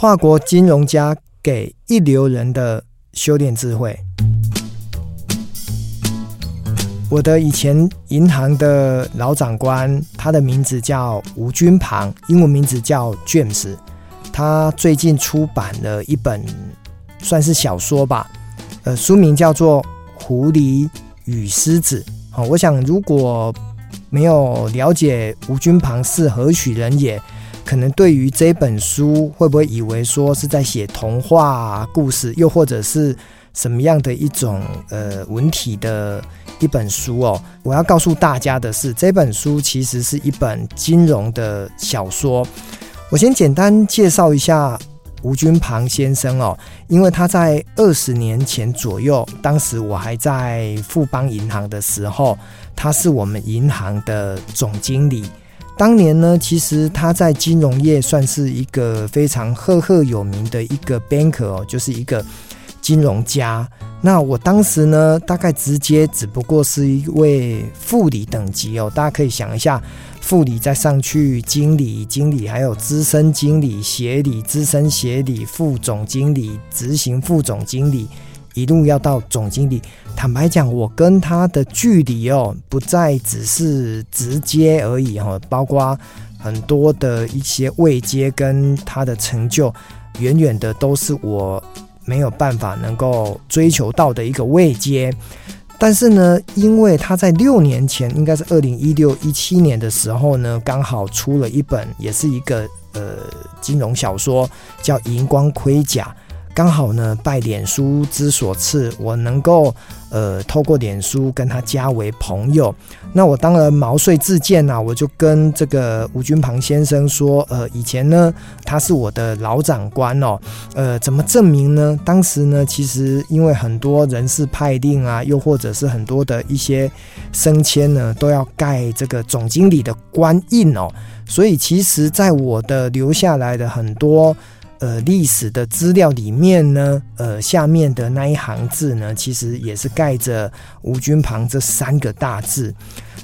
跨國金融家給一流人的修煉智慧。我的以前銀行的老長官，他的名字叫吳均龐，英文名字叫 James。他最近出版了一本，算是小說吧，呃，書名叫做《狐狸與獅子》。哦，我想如果沒有了解吳均龐是何許人也。可能對於這本書，會不會以為說是在寫童話、啊、故事，又或者是什麼樣的一種呃文體的一本書哦？我要告訴大家的是，這本書其實是一本金融的小說。我先簡單介紹一下吳均龐先生哦，因為他在二十年前左右，當時我還在富邦銀行的時候，他是我們銀行的總經理。當年呢，其實他在金融業算是一個非常赫赫有名的一個 banker 哦，就是一個金融家。那我當時呢，大概直接只不過是一位副理等級哦，大家可以想一下，副理再上去，經理、經理，還有資深經理、協理、資深協理、副總經理、執行副總經理。一路要到總經理，坦白講，我跟他的距離哦，不再只是直接而已哈，包括很多的一些位階跟他的成就，遠遠的都是我沒有辦法能夠追求到的一個位階。但是呢，因為他在六年前，應該是二零一六一七年的時候呢，剛好出了一本，也是一個呃金融小說，叫《熒光盔甲》。剛好呢，拜臉書之所賜，我能夠呃透過臉書跟他加為朋友。那我當然毛遂自薦吶、啊，我就跟這個吳均龐先生說，呃，以前呢他是我的老長官哦，呃，怎麼證明呢？當時呢，其實因為很多人事派令啊，又或者是很多的一些升遷呢，都要蓋這個總經理的官印哦，所以其實，在我的留下來的很多。呃，歷史的資料裡面呢，呃，下面的那一行字呢，其實也是蓋着“吳均龐”這三個大字。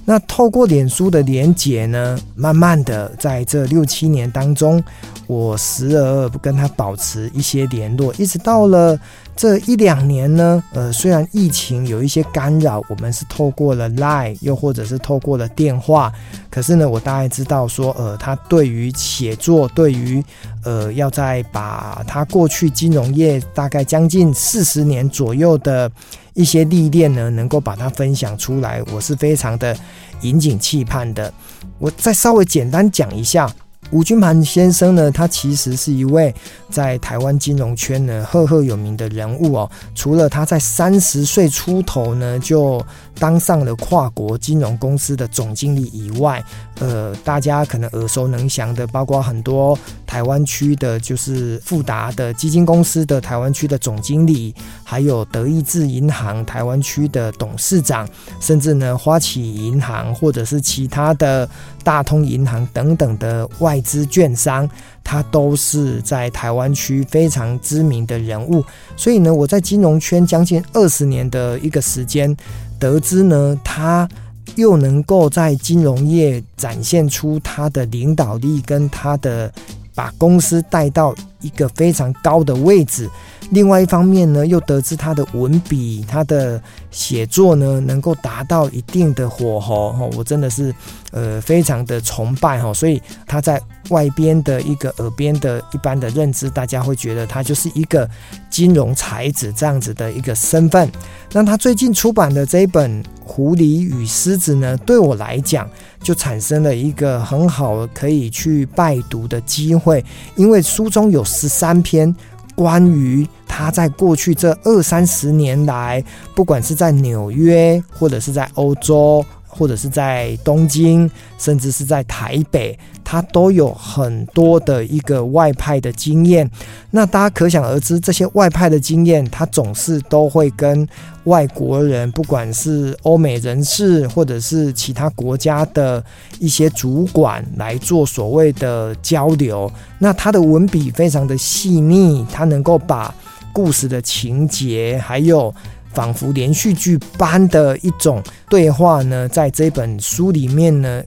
那透過臉書的連結呢，慢慢的在這六七年當中，我時而而不跟他保持一些聯絡，一直到了。這一兩年呢，呃，雖然疫情有一些干擾，我們是透過了 Line，又或者是透過了電話，可是呢，我大概知道說，呃，他對於寫作，對於，呃，要再把他過去金融業大概將近四十年左右的一些歷練呢，能夠把它分享出來，我是非常的引頸期盼的。我再稍微簡單講一下。吳均龐先生呢，他其實是一位在台灣金融圈，呢赫赫有名的人物哦。除了他在三十歲出頭呢就當上了跨國金融公司的總經理以外，呃，大家可能耳熟能詳的，包括很多台灣區的，就是富達的基金公司的台灣區的總經理，還有德意志銀行台灣區的董事長，甚至呢，花旗銀行或者是其他的大通銀行等等的外資券商，他都是在台灣區非常知名的人物。所以呢，我在金融圈將近二十年的一個時間。得知呢，他又能夠在金融業展現出他的領導力，跟他的把公司帶到一個非常高的位置。另外一方面呢，又得知他的文筆、他的寫作呢，能夠達到一定的火候，我真的是呃非常的崇拜，哈，所以他在外邊的一個耳邊的一般的認知，大家會覺得他就是一個金融才子這樣子的一個身份。那他最近出版的這一本《狐狸與獅子》呢，對我來講就產生了一個很好可以去拜讀的機會，因為書中有十三篇。關於他在過去這二三十年來，不管是在紐約或者是在歐洲，或者是在東京，甚至是在台北，他都有很多的一個外派的經驗。那大家可想而知，這些外派的經驗，他總是都會跟外國人，不管是歐美人士，或者是其他國家的一些主管來做所謂的交流。那他的文筆非常的細膩，他能夠把故事的情節還有仿佛連續劇般的一種對話呢，在這本書裡面呢，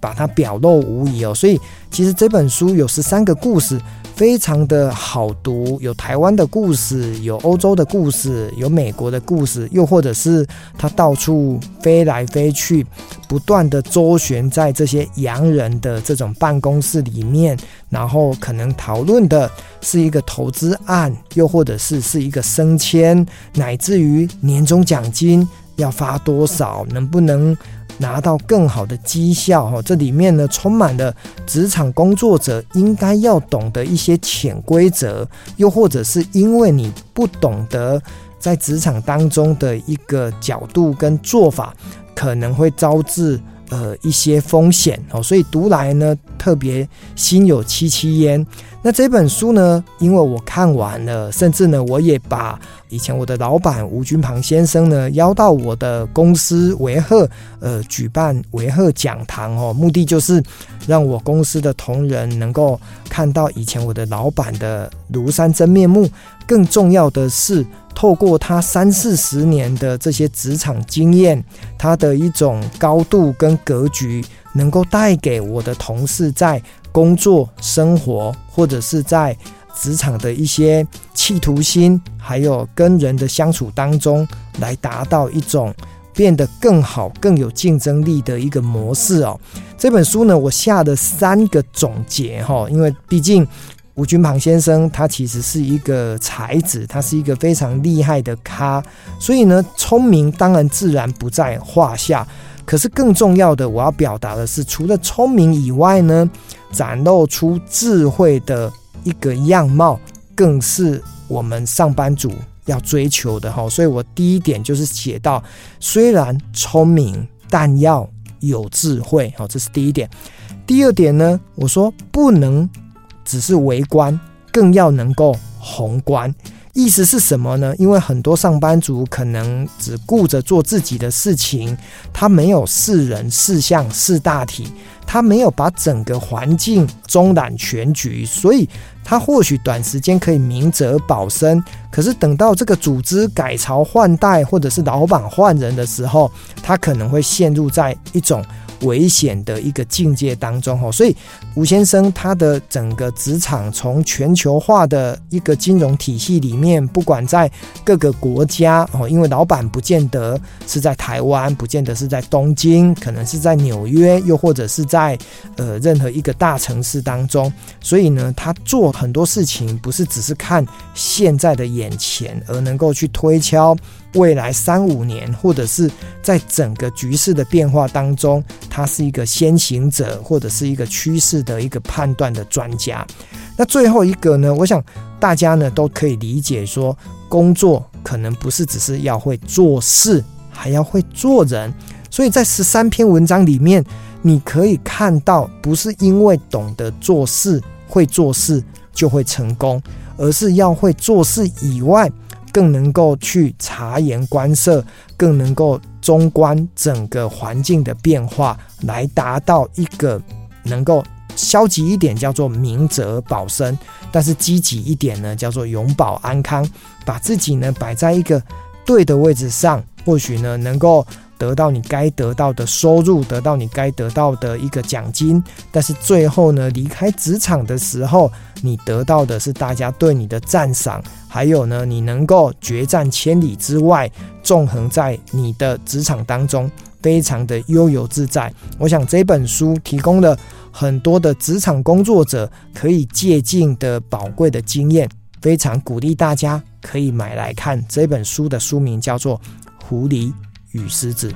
把它表露無遺哦。所以，其實這本書有十三個故事。非常的好讀，有台灣的故事，有歐洲的故事，有美國的故事，又或者是他到處飛來飛去，不斷地周旋在這些洋人的這種辦公室裡面，然後可能討論的是一個投資案，又或者是是一個升遷，乃至於年終獎金要發多少，能不能？拿到更好的績效，哈，這裡面呢充滿了職場工作者應該要懂得一些潛規則，又或者是因為你不懂得在職場當中的一個角度跟做法，可能會招致呃一些風險哦，所以讀來呢特別心有戚戚焉。那這本書呢，因為我看完了，甚至呢，我也把以前我的老闆吳均龐先生呢邀到我的公司維赫呃舉辦維赫講堂哦，目的就是讓我公司的同仁能夠看到以前我的老闆的廬山真面目。更重要的是，透過他三四十年的這些職場經驗，他的一種高度跟格局，能夠帶給我的同事在。工作、生活，或者是在職場的一些企圖心，還有跟人的相處當中，來達到一種變得更好、更有競爭力的一個模式哦。這本書呢，我下了三個總結哈、哦，因為畢竟吳均龐先生他其實是一個才子，他是一個非常厲害的咖，所以呢，聰明當然自然不在話下。可是更重要的，我要表達的是，除了聰明以外呢，展露出智慧的一個樣貌，更是我們上班族要追求的哈。所以我第一點就是寫到，雖然聰明，但要有智慧，好，這是第一點。第二點呢，我說不能只是微觀，更要能夠宏觀。意思是什麼呢？因為很多上班族可能只顧着做自己的事情，他沒有識人、識相、識大體，他沒有把整個環境綜覽全局，所以他或許短時間可以明哲保身，可是等到這個組織改朝換代，或者是老闆換人的時候，他可能會陷入在一種危險的一個境界當中，所以吳先生他的整個職場從全球化的一個金融體系裡面，不管在各個國家，吼，因為老闆不見得是在台灣，不見得是在東京，可能是在紐約，又或者是在呃任何一個大城市當中，所以呢，他做很多事情不是只是看現在的眼前，而能夠去推敲。未來三五年，或者是在整個局勢的變化當中，他是一個先行者，或者是一個趨勢的一個判斷的專家。那最後一個呢？我想大家呢都可以理解說，說工作可能不是只是要會做事，還要會做人。所以在十三篇文章裡面，你可以看到，不是因為懂得做事、會做事就會成功，而是要會做事以外。更能夠去察言觀色，更能夠綜觀整個環境的變化，來達到一個能夠消極一點叫做明哲保身，但是積極一點呢叫做永保安康，把自己呢擺在一個對的位置上，或許呢能夠。得到你該得到的收入，得到你該得到的一個獎金，但是最後呢，離開職場的時候，你得到的是大家對你的讚賞，還有呢，你能夠決戰千里之外，縱橫在你的職場當中，非常的悠遊自在。我想這本書提供了很多的職場工作者可以借鑑的寶貴的經驗，非常鼓勵大家可以買來看。這本書的書名叫做《狐狸》與獅子。